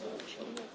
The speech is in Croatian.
Hvala što